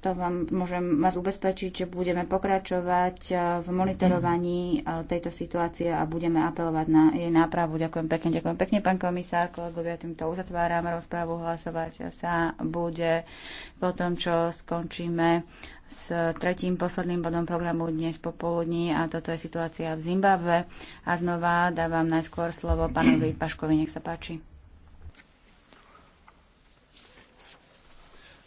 to vám môžem vás ubezpečiť, že budeme pokračovať eh, v monitorovaní eh, tejto situácie a budeme apelovať na jej nápravu. Ďakujem pekne, ďakujem pekne, pán komisár, kolegovia, týmto uzatváram rozprávu, hlasovať sa bude po tom, čo skončíme s tretím posledným bodom programu dnes popoludní a toto je situácia v Zimbabve. A znova dávam najskôr slovo pánovi Paškovi, nech sa páči.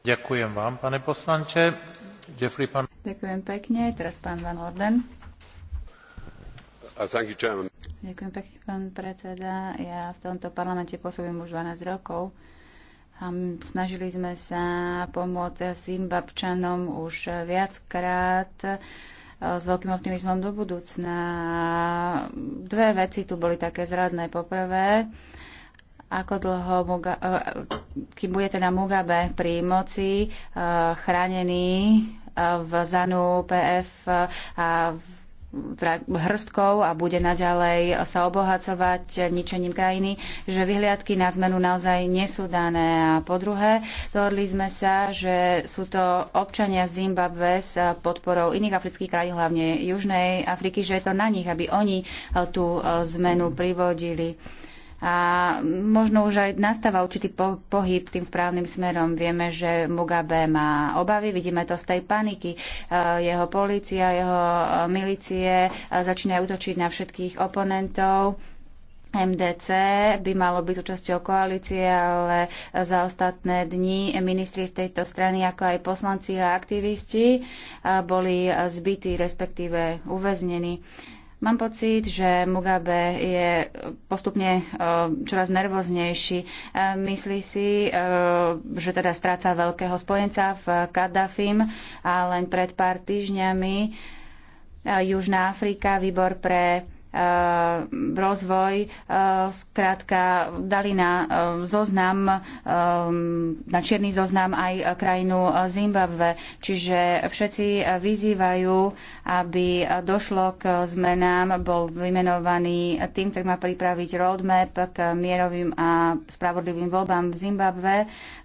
Ďakujem vám, pane poslanče. Jeffrey, pan... Ďakujem pekne. Teraz pán Van Orden. You, Ďakujem pekne, pán predseda. Ja v tomto parlamente pôsobím už 12 rokov. a Snažili sme sa pomôcť Zimbabčanom už viackrát e, s veľkým optimizmom do budúcna. Dve veci tu boli také zradné. Poprvé, ako dlho, e, kým bude teda Mugabe pri moci e, chránený e, v ZANU, PF a hrstkou a bude naďalej sa obohacovať ničením krajiny, že vyhliadky na zmenu naozaj nie sú dané. A po druhé, dohodli sme sa, že sú to občania Zimbabwe s podporou iných afrických krajín, hlavne Južnej Afriky, že je to na nich, aby oni tú zmenu privodili a možno už aj nastáva určitý po- pohyb tým správnym smerom. Vieme, že Mugabe má obavy, vidíme to z tej paniky. E, jeho polícia, jeho e, milície e, začínajú útočiť na všetkých oponentov. MDC by malo byť súčasťou koalície, ale za ostatné dni ministri z tejto strany, ako aj poslanci a aktivisti, boli zbytí, respektíve uväznení. Mám pocit, že Mugabe je postupne e, čoraz nervóznejší. E, myslí si, e, že teda stráca veľkého spojenca v Kaddafim a len pred pár týždňami Južná Afrika, výbor pre Eh, rozvoj zkrátka eh, dali na eh, zoznam, na čierny zoznam aj krajinu Zimbabve. Čiže všetci vyzývajú, aby došlo k zmenám, bol vymenovaný tým, ktorý má pripraviť roadmap k mierovým a spravodlivým voľbám v Zimbabve.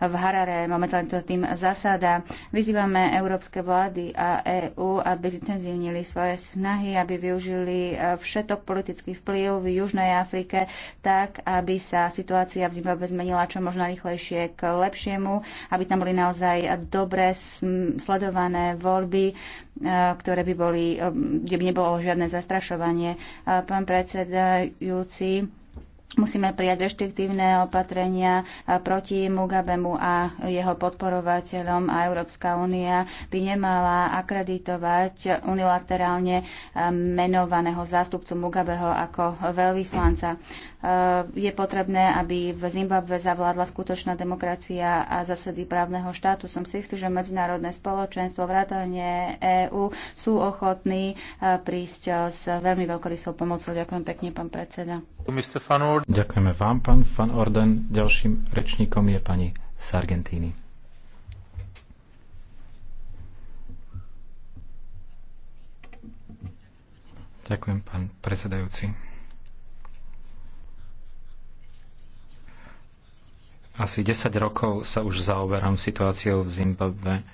V Harare momentálne to tým zasada. Vyzývame európske vlády a EÚ, aby zintenzívnili svoje snahy, aby využili všetko dostatok politický vplyv v Južnej Afrike, tak aby sa situácia v Zimbabve zmenila čo možno rýchlejšie k lepšiemu, aby tam boli naozaj dobre sledované voľby, e, ktoré by boli, e, kde by nebolo žiadne zastrašovanie. E, pán predsedajúci, Musíme prijať reštriktívne opatrenia proti Mugabemu a jeho podporovateľom a Európska únia by nemala akreditovať unilaterálne eh, menovaného zástupcu Mugabeho ako veľvyslanca. Eh, je potrebné, aby v Zimbabve zavládla skutočná demokracia a zásady právneho štátu. Som si istý, že medzinárodné spoločenstvo, vrátanie EÚ sú ochotní eh, prísť s veľmi veľkorysou pomocou. Ďakujem pekne, pán predseda. Ďakujeme vám, pán Van Orden. Ďalším rečníkom je pani Sargentini. Ďakujem, pán predsedajúci. Asi 10 rokov sa už zaoberám situáciou v Zimbabve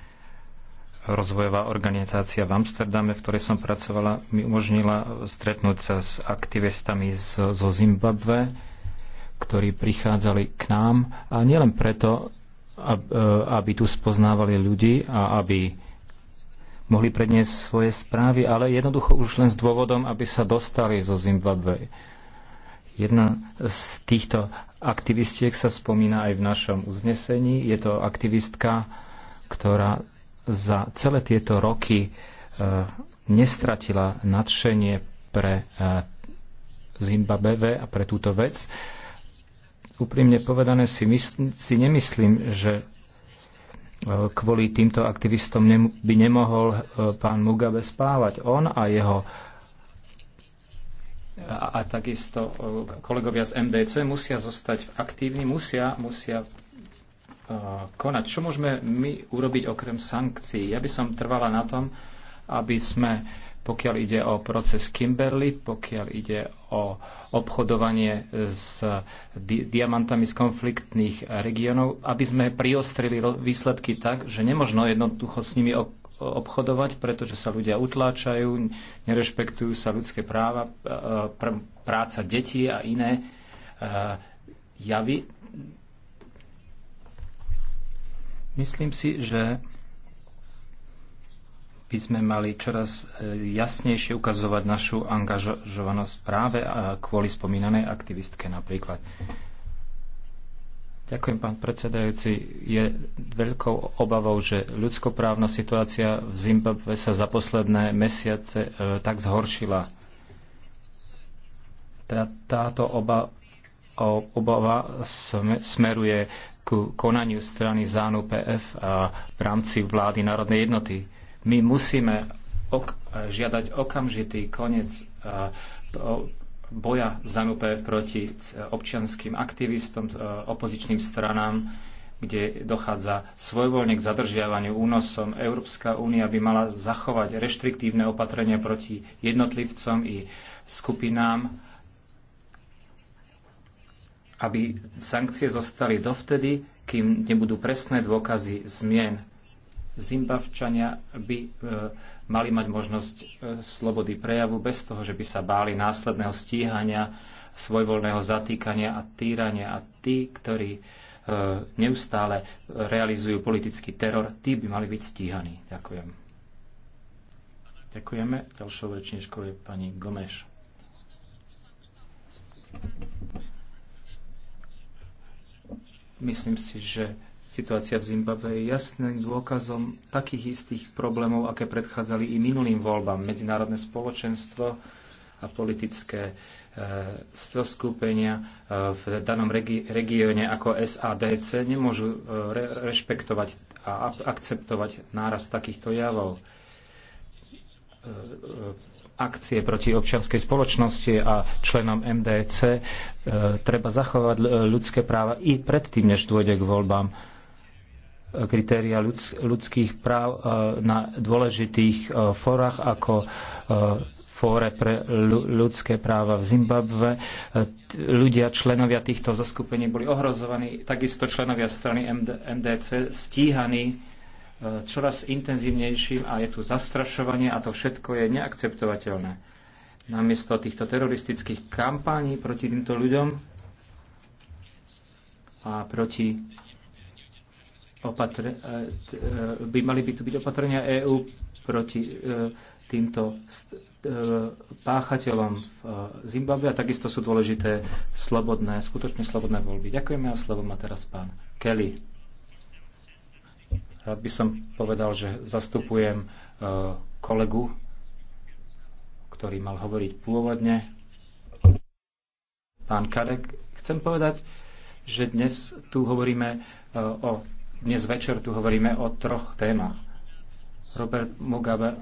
rozvojová organizácia v Amsterdame, v ktorej som pracovala, mi umožnila stretnúť sa s aktivistami z, zo Zimbabve, ktorí prichádzali k nám a nielen preto, e, aby tu spoznávali ľudí a aby mohli predniesť svoje správy, ale jednoducho už len s dôvodom, aby sa dostali zo Zimbabve. Jedna z týchto aktivistiek sa spomína aj v našom uznesení. Je to aktivistka, ktorá za celé tieto roky e, nestratila nadšenie pre e, Zimbabwe a pre túto vec. Úprimne povedané si, mysl- si nemyslím, že e, kvôli týmto aktivistom by nemohol pán Mugabe spávať. On a jeho a, a takisto kolegovia z MDC musia zostať aktívni, musia, musia Eh, konať. Čo môžeme my urobiť okrem sankcií? Ja by som trvala na tom, aby sme, pokiaľ ide o proces Kimberly, pokiaľ ide o obchodovanie s di- diamantami z konfliktných regiónov, aby sme priostrili výsledky tak, že nemožno jednoducho s nimi obchodovať, pretože sa ľudia utláčajú, nerešpektujú sa ľudské práva, eh, pr- práca detí a iné eh, javy Myslím si, že by sme mali čoraz e, jasnejšie ukazovať našu angažovanosť práve kvôli spomínanej aktivistke napríklad. Ďakujem, pán predsedajúci. Je veľkou obavou, že ľudskoprávna situácia v Zimbabve sa za posledné mesiace e, tak zhoršila. Teda táto oba, obava smeruje ku konaniu strany ZÁNU PF a v rámci vlády národnej jednoty. My musíme ok- žiadať okamžitý koniec boja ZÁNU PF proti občianským aktivistom, e, opozičným stranám, kde dochádza svojvoľne k zadržiavaniu únosom. Európska únia by mala zachovať reštriktívne opatrenia proti jednotlivcom i skupinám, aby sankcie zostali dovtedy, kým nebudú presné dôkazy zmien. Zimbabčania by e, mali mať možnosť e, slobody prejavu bez toho, že by sa báli následného stíhania, svojvoľného zatýkania a týrania. A tí, ktorí e, neustále realizujú politický teror, tí by mali byť stíhaní. Ďakujem. Ďakujeme. Ďalšou rečníčkou je pani Gomeš. Myslím si, že situácia v Zimbabve je jasným dôkazom takých istých problémov, aké predchádzali i minulým voľbám. Medzinárodné spoločenstvo a politické e, zoskupenia e, v danom regi- regióne ako SADC nemôžu e, re- rešpektovať a akceptovať náraz takýchto javov. E, e, akcie proti občianskej spoločnosti a členom MDC e, treba zachovať ľudské práva i predtým, než dôjde k voľbám. Kritéria ľudských práv na dôležitých fórach ako fóre pre ľudské práva v Zimbabve. Ľudia, členovia týchto zaskupení boli ohrozovaní, takisto členovia strany MDC stíhaní čoraz intenzívnejším a je tu zastrašovanie a to všetko je neakceptovateľné. Namiesto týchto teroristických kampaní proti týmto ľuďom a proti opatr- e, e, by mali by tu byť opatrenia EÚ proti e, týmto páchateľom v Zimbabwe a takisto sú dôležité slobodné, skutočne slobodné voľby. Ďakujeme a slovo má teraz pán Kelly. Rád by som povedal, že zastupujem e, kolegu, ktorý mal hovoriť pôvodne. Pán Kadek, chcem povedať, že dnes tu hovoríme e, o dnes večer tu hovoríme o troch témach. Robert Mugabe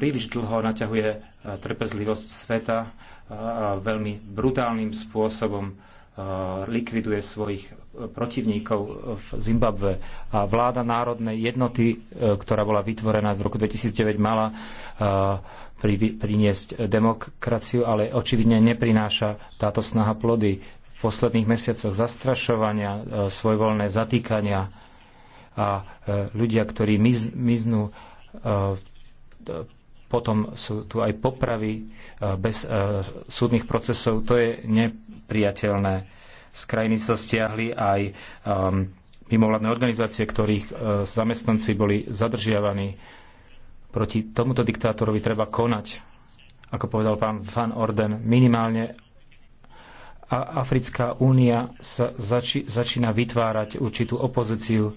príliš dlho naťahuje e, trpezlivosť sveta a veľmi brutálnym spôsobom Eh, likviduje svojich eh, protivníkov eh, v Zimbabve. A vláda národnej jednoty, ktorá bola vytvorená v roku 2009, mala priniesť demokraciu, ale očividne neprináša táto snaha plody. V posledných mesiacoch zastrašovania, svojvoľné zatýkania a ľudia, ktorí miznú, potom sú tu aj popravy e, bez e, súdnych procesov. To je nepriateľné. Z krajiny sa stiahli aj ehm, mimovládne organizácie, ktorých e, zamestnanci boli zadržiavaní. Proti tomuto diktátorovi treba konať. Ako povedal pán Van Orden, minimálne a Africká únia sa zači, začína vytvárať určitú opozíciu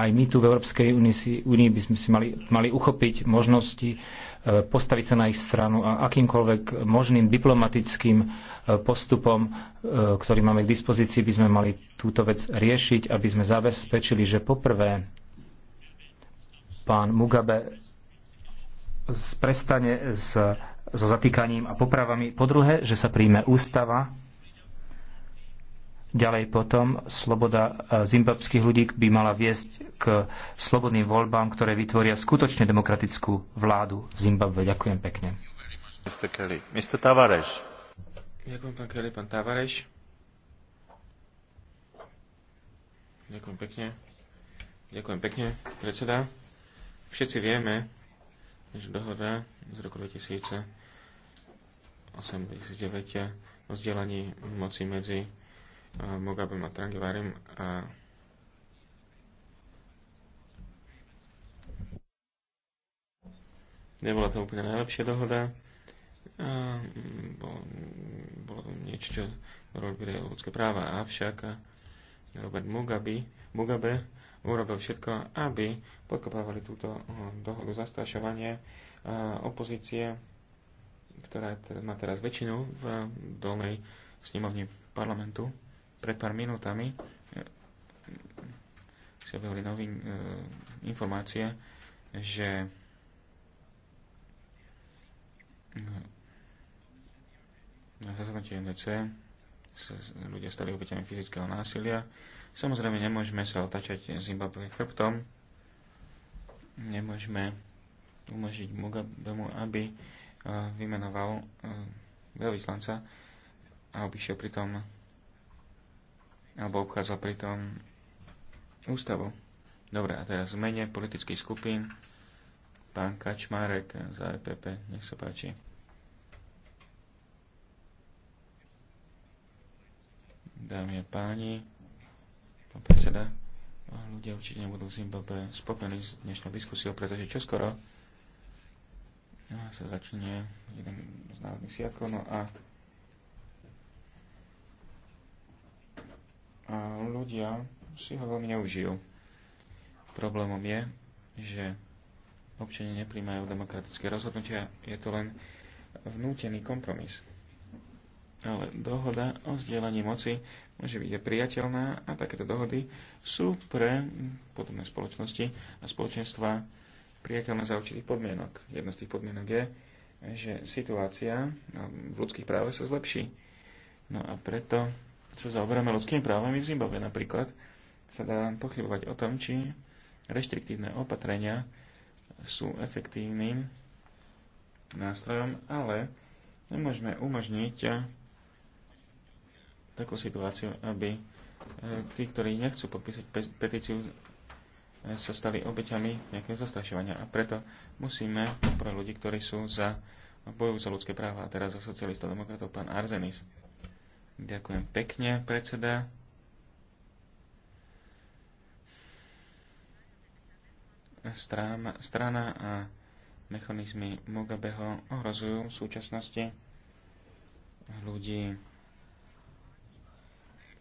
aj my tu v Európskej únii by sme si mali, mali uchopiť možnosti e, postaviť sa na ich stranu a akýmkoľvek možným diplomatickým e, postupom, e, ktorý máme k dispozícii, by sme mali túto vec riešiť, aby sme zabezpečili, že poprvé pán Mugabe prestane s, so zatýkaním a popravami, po druhé, že sa príjme ústava, Ďalej potom sloboda e, zimbabských ľudí by mala viesť k slobodným voľbám, ktoré vytvoria skutočne demokratickú vládu v Zimbabve. Ďakujem pekne. Mr. Kelly. Mr. Tavares. Ďakujem, pán Kelly, pán Tavares. Ďakujem pekne. Ďakujem pekne, predseda. Všetci vieme, že dohoda z roku 2008-2009 o vzdelaní moci medzi Mugabem a Trangivarim nebola to úplne najlepšia dohoda. Bo, bolo to niečo, čo robili ľudské práva. Avšak Robert Mugabe, Mugabe urobil všetko, aby podkopávali túto dohodu zastrašovania opozície, ktorá má teraz väčšinu v dolnej snemovni parlamentu pred pár minútami eh, sa vyhli nové eh, informácie, že eh, na zaznutí NDC sa ľudia stali obeťami fyzického násilia. Samozrejme, nemôžeme sa otačať Zimbabwe chrbtom. Nemôžeme umožniť Mugabemu, aby vymenoval veľvyslanca a obišiel pritom alebo obchádzal pritom ústavu. Dobre, a teraz zmene politických skupín. Pán Kačmárek za EPP, nech sa páči. Dámy a páni, pán predseda, ľudia určite nebudú v Zimbabwe spokojní s dnešnou diskusiou, pretože čoskoro sa začne jeden z národných siatkov, no a a ľudia si ho veľmi neužijú. Problémom je, že občania nepríjmajú demokratické rozhodnutia, je to len vnútený kompromis. Ale dohoda o zdieľaní moci môže byť priateľná a takéto dohody sú pre podobné spoločnosti a spoločenstva priateľné za určitých podmienok. Jedna z tých podmienok je, že situácia v ľudských právach sa zlepší. No a preto sa zaoberáme ľudskými právami v Zimbabve napríklad, sa dá pochybovať o tom, či reštriktívne opatrenia sú efektívnym nástrojom, ale nemôžeme umožniť takú situáciu, aby e, tí, ktorí nechcú podpísať petíciu, e, sa stali obeťami nejakého zastrašovania. A preto musíme pre ľudí, ktorí sú za bojujú za ľudské práva a teraz za socialista demokratov pán Arzenis. Ďakujem pekne, predseda. Strana, strana a mechanizmy Mugabeho ohrozujú v súčasnosti ľudí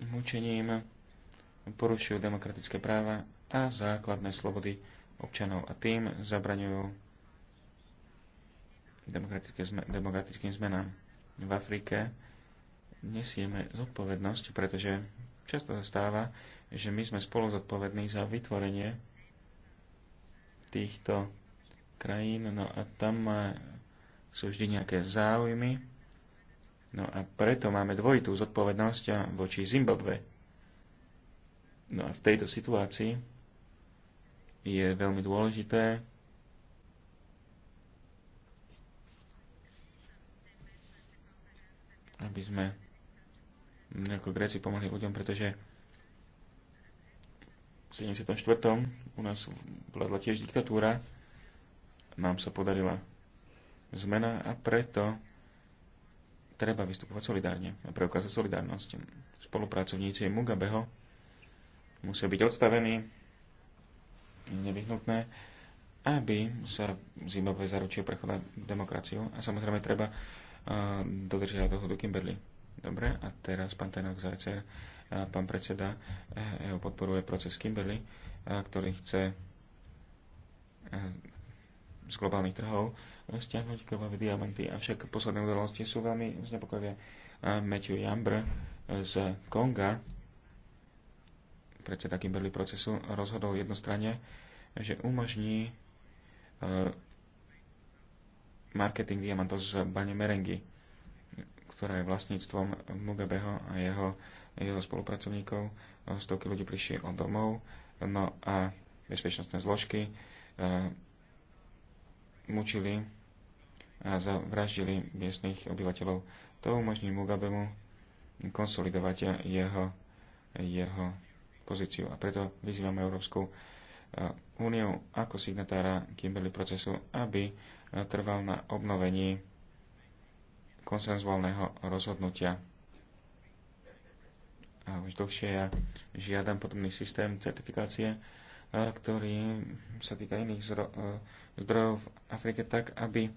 mučením, porušujú demokratické práva a základné slobody občanov a tým zabraňujú demokratickým zmenám v Afrike nesieme zodpovednosť, pretože často sa stáva, že my sme spolu zodpovední za vytvorenie týchto krajín, no a tam eh, sú vždy nejaké záujmy, no a preto máme dvojitú zodpovednosť eh, voči Zimbabve. No a v tejto situácii je veľmi dôležité aby sme ako Gréci pomohli ľuďom, pretože v 74. u nás vládla tiež diktatúra, nám sa podarila zmena a preto treba vystupovať solidárne a preukázať solidárnosť. Spolupracovníci Mugabeho musia byť odstavení, nevyhnutné, aby sa Zimbabwe zaručil prechod na demokraciu a samozrejme treba dodržiavať dohodu Kimberly. Dobre, a teraz pán Tenok Zajcer, pán predseda jeho e, podporuje proces Kimberly, ktorý chce e, z globálnych trhov e, stiahnuť krvavé diamanty, avšak posledné udalosti sú veľmi znepokojivé. Matthew Jambr z Konga, predseda Kimberly procesu, rozhodol jednostranne, že umožní marketing diamantov z Bane Merengy ktorá je vlastníctvom Mugabeho a jeho, jeho spolupracovníkov. Stovky ľudí prišli od domov, no a bezpečnostné zložky e, mučili a zavraždili miestnych obyvateľov. To umožní Mugabemu konsolidovať jeho, jeho pozíciu. A preto vyzývame Európsku e, úniu ako signatára Kimberley procesu, aby trval na obnovení konsenzuálneho rozhodnutia. A už dlhšie ja žiadam podobný systém certifikácie, ktorý sa týka iných zdrojov v Afrike tak, aby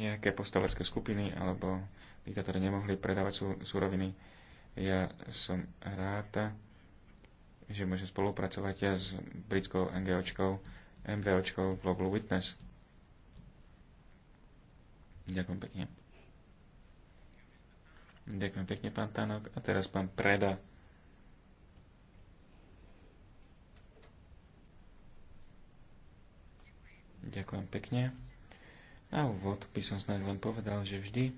nejaké postavecké skupiny alebo diktátori nemohli predávať súroviny. Ja som rád, že môžem spolupracovať ja s britskou NGOčkou, MVOčkou Global Witness. Ďakujem pekne. Ďakujem pekne, pán Tanok. A teraz pán Preda. Ďakujem pekne. Na úvod by som snad len povedal, že vždy,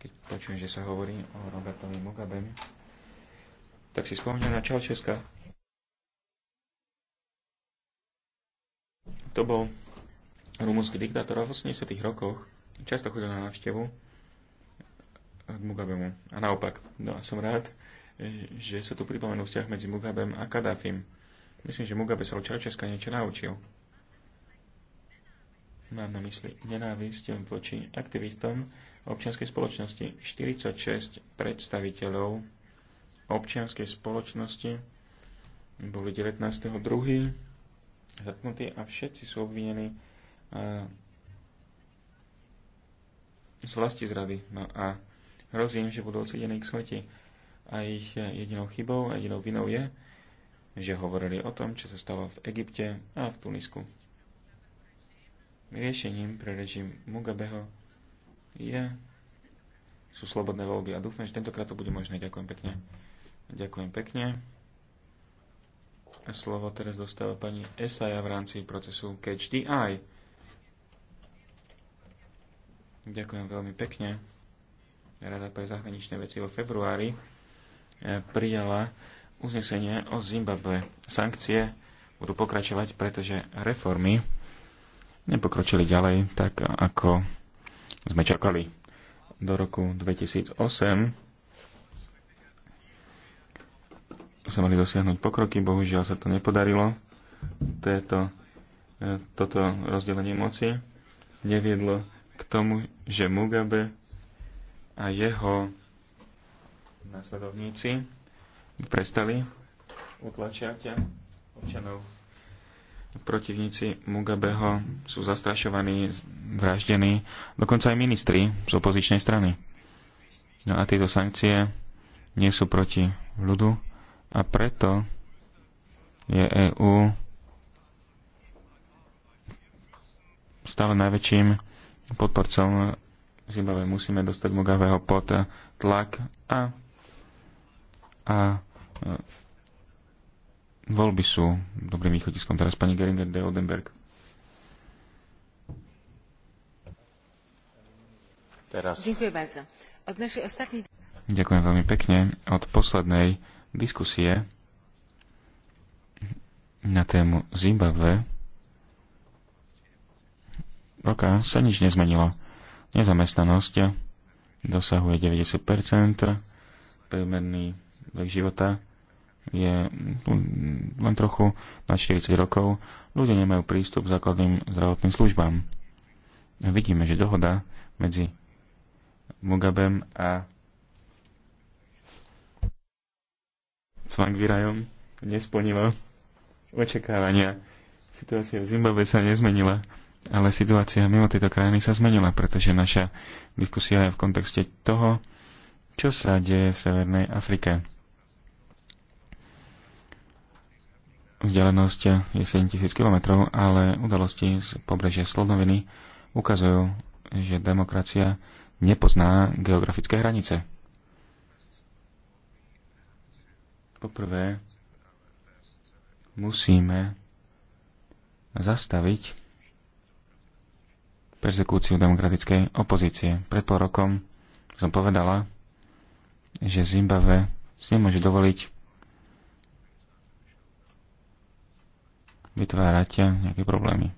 keď počujem, že sa hovorí o Robertovi Mugabem, tak si spomínam na Čalčeska. To bol rumúnsky diktátor a v 80. rokoch. Často chodil na návštevu k Mugabemu. A naopak, no a som rád, že sa tu pripomenul vzťah medzi Mugabem a Kadáfim. Myslím, že Mugabe sa od Čaučeska niečo naučil. Mám na mysli nenávisť voči aktivistom občianskej spoločnosti. 46 predstaviteľov občianskej spoločnosti boli 19.2. zatknutí a všetci sú obvinení eh, z vlasti zrady. No a hrozí im, že budú odsúdení k smrti. A ich jedinou chybou a jedinou vinou je, že hovorili o tom, čo sa stalo v Egypte a v Tunisku. Riešením pre režim Mugabeho je, sú slobodné voľby a dúfam, že tentokrát to bude možné. Ďakujem pekne. Ďakujem pekne. A slovo teraz dostáva pani Esaja v rámci procesu Catch the Eye. Ďakujem veľmi pekne. Rada pre zahraničné veci vo februári eh, prijala uznesenie o Zimbabwe. Sankcie budú pokračovať, pretože reformy nepokročili ďalej tak, ako sme čakali. Do roku 2008 sa mali dosiahnuť pokroky, bohužiaľ sa to nepodarilo. Této, eh, toto rozdelenie moci neviedlo k tomu, že Mugabe a jeho nasledovníci prestali utlačiať občanov. Protivníci Mugabeho sú zastrašovaní, vraždení, dokonca aj ministri z opozičnej strany. No a tieto sankcie nie sú proti ľudu a preto je EÚ stále najväčším podporcom Zimbabwe musíme dostať Mugabeho pod tlak a, a e, voľby sú dobrým východiskom. Teraz pani Geringer de Odenberg. Teraz. Ďakujem bardzo. Od našej ostatnej... Ďakujem veľmi pekne. Od poslednej diskusie na tému Zimbabwe roka sa nič nezmenilo. Nezamestnanosť dosahuje 90 priemerný vek života je len trochu na 40 rokov. Ľudia nemajú prístup k základným zdravotným službám. Vidíme, že dohoda medzi Mugabem a Cvangvirajom nesplnila očakávania. Situácia v Zimbabwe sa nezmenila ale situácia mimo tejto krajiny sa zmenila, pretože naša diskusia je v kontexte toho, čo sa deje v Severnej Afrike. Vzdialenosť je 7000 km, ale udalosti z pobrežia Slonoviny ukazujú, že demokracia nepozná geografické hranice. Poprvé, musíme zastaviť persekúciu demokratickej opozície. Pred pol rokom som povedala, že Zimbabwe si nemôže dovoliť vytvárať nejaké problémy.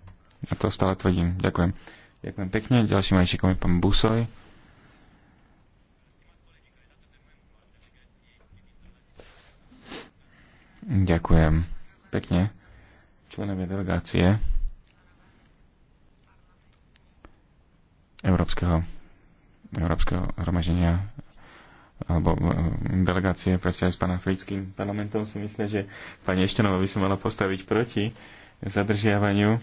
A to stále tvrdím. Ďakujem. Ďakujem pekne. Ďalším rečníkom je pán Busoj. Ďakujem pekne. Členovia delegácie Európskeho, Európskeho hromaženia alebo e, delegácie proste aj s panafrickým parlamentom si myslia, že pani Eštenová by sa mala postaviť proti zadržiavaniu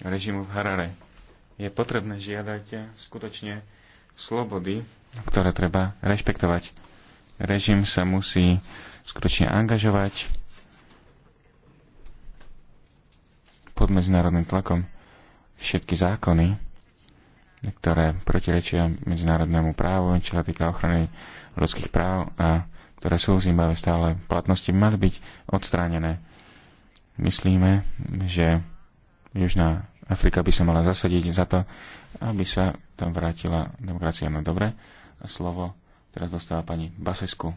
režimu v Harare. Je potrebné žiadať skutočne slobody, ktoré treba rešpektovať. Režim sa musí skutočne angažovať pod medzinárodným tlakom. Všetky zákony, ktoré protirečia medzinárodnému právu, čo sa týka ochrany ľudských práv a ktoré sú v Zimbabve stále v platnosti, mali byť odstránené. Myslíme, že Južná Afrika by sa mala zasadiť za to, aby sa tam vrátila demokracia. No dobre, a slovo teraz dostáva pani Basesku.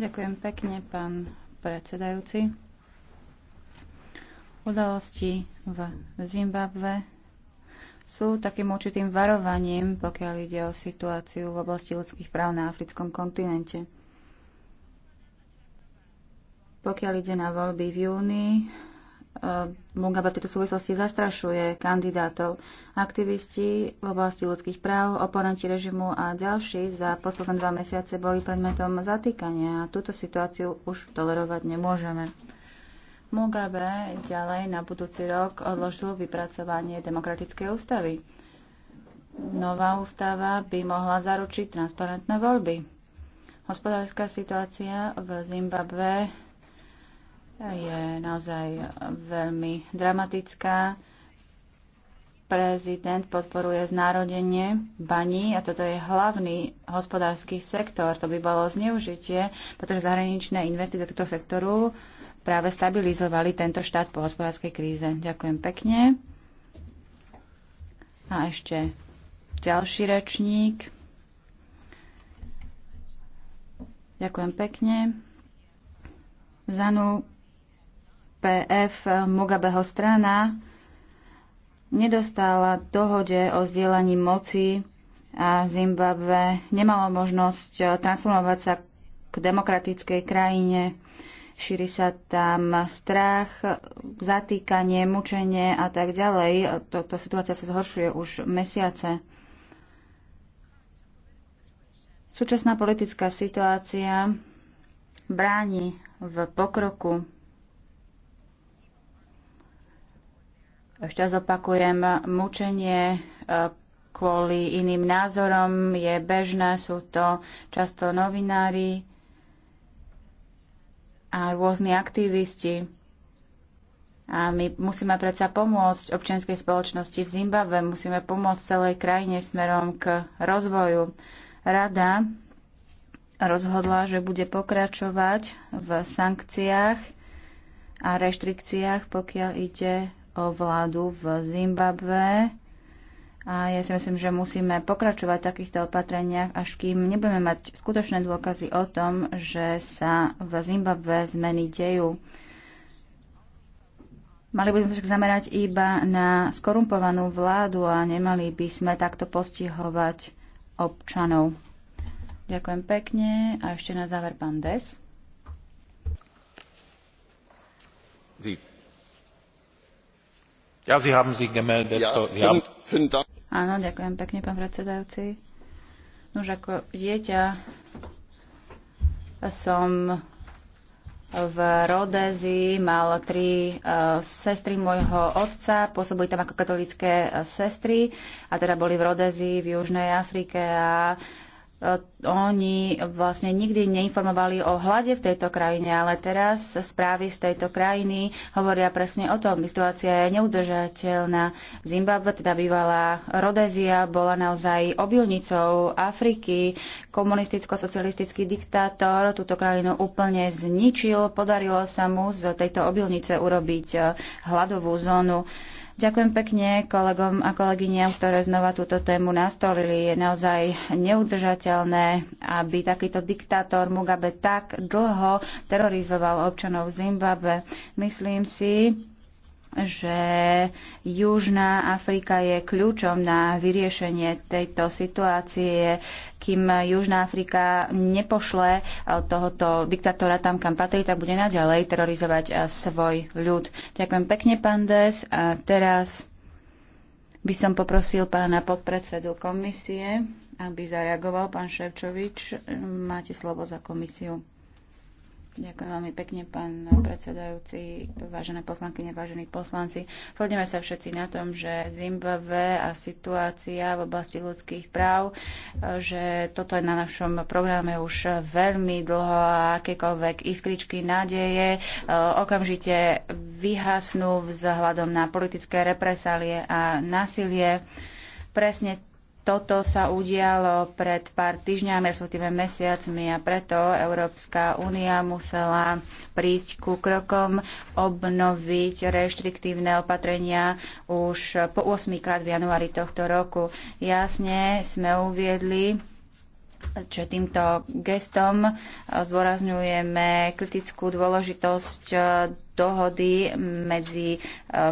Ďakujem pekne, pán predsedajúci. Udalosti v Zimbabve sú takým určitým varovaním, pokiaľ ide o situáciu v oblasti ľudských práv na africkom kontinente. Pokiaľ ide na voľby v júni, eh, Mugabe v tejto súvislosti zastrašuje kandidátov. Aktivisti v oblasti ľudských práv, oponenti režimu a ďalší za posledné dva mesiace boli predmetom zatýkania a túto situáciu už tolerovať nemôžeme. Mugabe ďalej na budúci rok odložil vypracovanie demokratickej ústavy. Nová ústava by mohla zaručiť transparentné voľby. Hospodárska situácia v Zimbabve je naozaj veľmi dramatická. Prezident podporuje znárodenie baní a toto je hlavný hospodársky sektor. To by bolo zneužitie, pretože zahraničné investície do tohto sektoru práve stabilizovali tento štát po hospodárskej kríze. Ďakujem pekne. A ešte ďalší rečník. Ďakujem pekne. Zanu PF Mugabeho strana nedostala dohode o zdieľaní moci a Zimbabwe nemalo možnosť transformovať sa k demokratickej krajine šíri sa tam strach, zatýkanie, mučenie a tak ďalej. Toto situácia sa zhoršuje už mesiace. Súčasná politická situácia bráni v pokroku Ešte zopakujem, opakujem, mučenie e, kvôli iným názorom je bežné, sú to často novinári, a rôzni aktivisti. A my musíme predsa pomôcť občianskej spoločnosti v Zimbabve, musíme pomôcť celej krajine smerom k rozvoju. Rada rozhodla, že bude pokračovať v sankciách a reštrikciách, pokiaľ ide o vládu v Zimbabve a ja si myslím, že musíme pokračovať v takýchto opatreniach, až kým nebudeme mať skutočné dôkazy o tom, že sa v Zimbabve zmeny dejú. Mali by sme však zamerať iba na skorumpovanú vládu a nemali by sme takto postihovať občanov. Ďakujem pekne a ešte na záver pán Des. Sie. Ja, Sie haben sich gemeldet. Ja, vielen, vielen Dank. Áno, ďakujem pekne, pán predsedajúci. Nož ako dieťa som v Rodezi mal tri uh, sestry môjho otca, pôsobili tam ako katolické uh, e, sestry a teda boli v rodezi v Južnej Afrike a uh, oni vlastne nikdy neinformovali o hlade v tejto krajine, ale teraz správy z tejto krajiny hovoria presne o tom. Situácia je neudržateľná. Zimbabwe, teda bývalá Rodezia, bola naozaj obilnicou Afriky. Komunisticko-socialistický diktátor túto krajinu úplne zničil. Podarilo sa mu z tejto obilnice urobiť eh, hladovú zónu. Ďakujem pekne kolegom a kolegyniam, ktoré znova túto tému nastolili. Je naozaj neudržateľné, aby takýto diktátor Mugabe tak dlho terorizoval občanov Zimbabwe. Myslím si, že Južná Afrika je kľúčom na vyriešenie tejto situácie, kým Južná Afrika nepošle eh, tohoto diktatóra tam, kam patrí, tak bude naďalej terorizovať eh, svoj ľud. Ďakujem pekne, pán Des. A teraz by som poprosil pána podpredsedu komisie, aby zareagoval. Pán Ševčovič, eh, máte slovo za komisiu. Ďakujem veľmi pekne, pán predsedajúci, vážené poslankyne, vážení poslanci. Shodneme sa všetci na tom, že Zimbabwe a situácia v oblasti ľudských práv, že toto je na našom programe už veľmi dlho a akékoľvek iskričky nádeje e, okamžite vyhasnú vzhľadom na politické represálie a násilie. Presne toto sa udialo pred pár týždňami, respektíve mesiacmi a preto Európska únia musela prísť ku krokom, obnoviť reštriktívne opatrenia už po 8 krát v januári tohto roku. Jasne sme uviedli, čo týmto gestom eh, zdôrazňujeme kritickú dôležitosť eh, dohody medzi eh,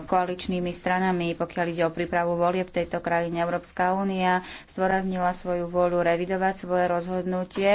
koaličnými stranami, pokiaľ ide o prípravu volieb v tejto krajine. Európska únia zdôraznila svoju vôľu revidovať svoje rozhodnutie,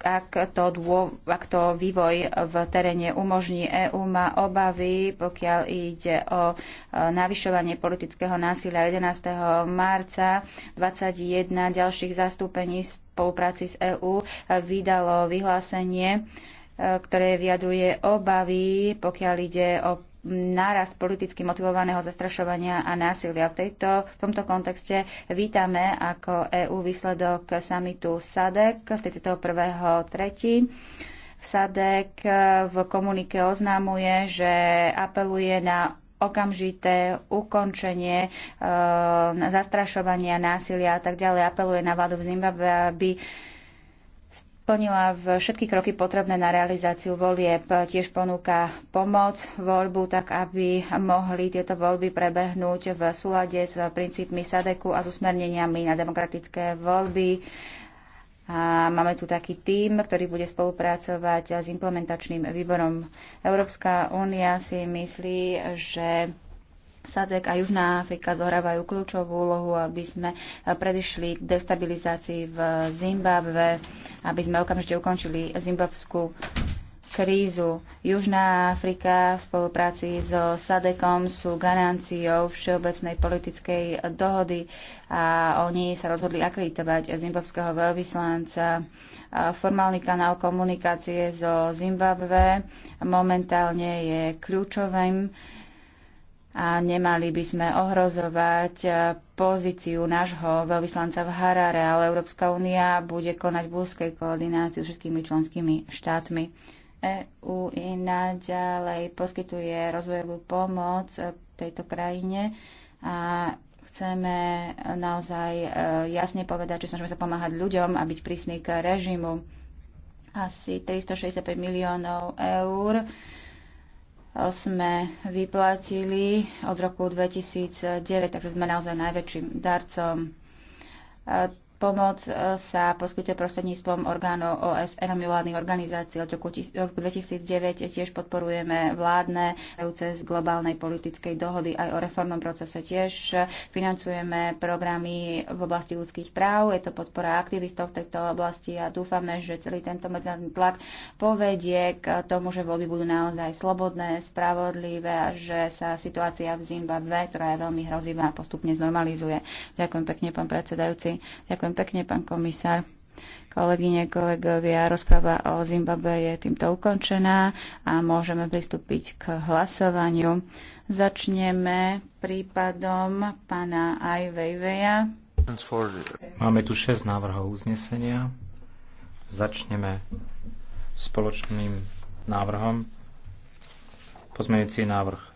ak to, dô, ak to vývoj v teréne umožní. EÚ má obavy, pokiaľ ide o navyšovanie politického násilia 11. marca 21 ďalších zastúpení spolupráci s EÚ eh, vydalo vyhlásenie, eh, ktoré vyjadruje obavy, pokiaľ ide o nárast politicky motivovaného zastrašovania a násilia. V, tejto, v tomto kontexte vítame ako EÚ výsledok samitu SADEC z 31.3. SADEK eh, v komunike oznámuje, že apeluje na okamžité ukončenie e, zastrašovania, násilia a tak ďalej. Apeluje na vládu v Zimbabwe, aby splnila všetky kroky potrebné na realizáciu volieb. Tiež ponúka pomoc, voľbu, tak aby mohli tieto voľby prebehnúť v súlade s princípmi SADEKu a s usmerneniami na demokratické voľby a máme tu taký tím, ktorý bude spolupracovať s implementačným výborom. Európska únia si myslí, že SADEK a Južná Afrika zohrávajú kľúčovú úlohu, aby sme predišli k destabilizácii v Zimbabve, aby sme okamžite ukončili zimbabskú krízu. Južná Afrika v spolupráci so SADEKom sú garanciou všeobecnej politickej dohody a oni sa rozhodli akreditovať zimbabského veľvyslanca. Formálny kanál komunikácie zo Zimbabve momentálne je kľúčovým a nemali by sme ohrozovať pozíciu nášho veľvyslanca v Harare, ale Európska únia bude konať v úzkej koordinácii s všetkými členskými štátmi. EÚ i naďalej poskytuje rozvojovú pomoc e, tejto krajine a chceme e, naozaj e, jasne povedať, že snažíme sa pomáhať ľuďom a byť prísny k režimu. Asi 365 miliónov eur sme vyplatili od roku 2009, takže sme naozaj najväčším darcom. Pomoc e, sa poskytuje prostredníctvom orgánov OSN a mimovládnych organizácií. Od roku 2009 tiež podporujeme vládne cez globálnej politickej dohody aj o reformnom procese. Tiež financujeme programy v oblasti ľudských práv. Je to podpora aktivistov v tejto oblasti a dúfame, že celý tento medzinárodný tlak povedie k tomu, že voľby budú naozaj slobodné, spravodlivé a že sa situácia v Zimbabve, ktorá je veľmi hrozivá, postupne znormalizuje. Ďakujem pekne, pán predsedajúci. Ďakujem Ďakujem pekne, pán komisár. Kolegyne, kolegovia, rozpráva o Zimbabwe je týmto ukončená a môžeme pristúpiť k hlasovaniu. Začneme prípadom pána Aj Máme tu 6 návrhov uznesenia. Začneme spoločným návrhom. Pozmeňujúci návrh